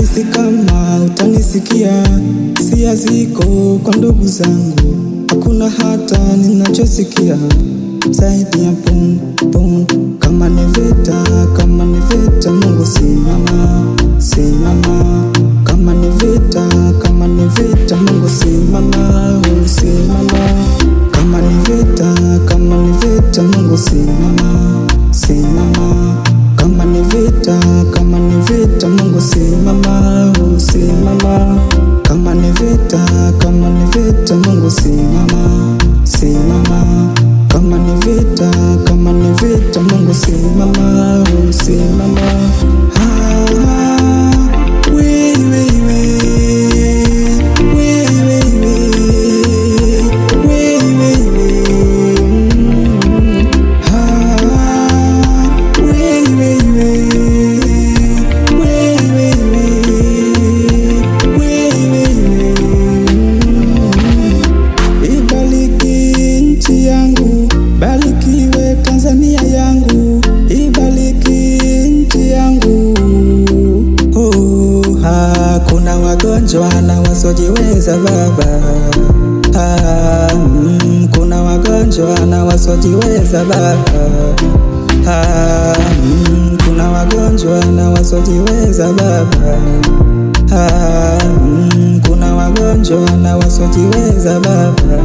nahisi kama utanisikia, sia ziko kwa ndugu zangu, hakuna hata ninachosikia zaidi ya pum pum. Kama niveta vita, kama ni vita, Mungu simama, simama. Kama ni vita, kama ni vita, Mungu simama, simama. Kama niveta vita, kama ni vita, Mungu simama, simama. Kama niveta kama niveta Mungu simama simama, kama ni vita, kama ni vita, Mungu simama, simama, kama ni vita, kama ni vita, Mungu simama, simama wagonjwana wasojiweza baba ah, mm, kuna wagonjwana wasiojiweza baba ah, mm, kuna wagonjwana wasiojiweza baba ah, mm, kuna wagonjwana wasiojiweza baba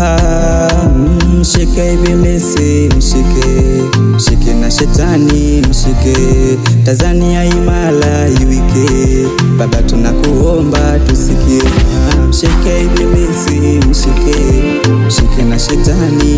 ah, mm, shike ibilisi mshike mshike na shetani mshike Tanzania imala iwike kuomba tusikie, mshike ibilisi, mshike mshike na shetani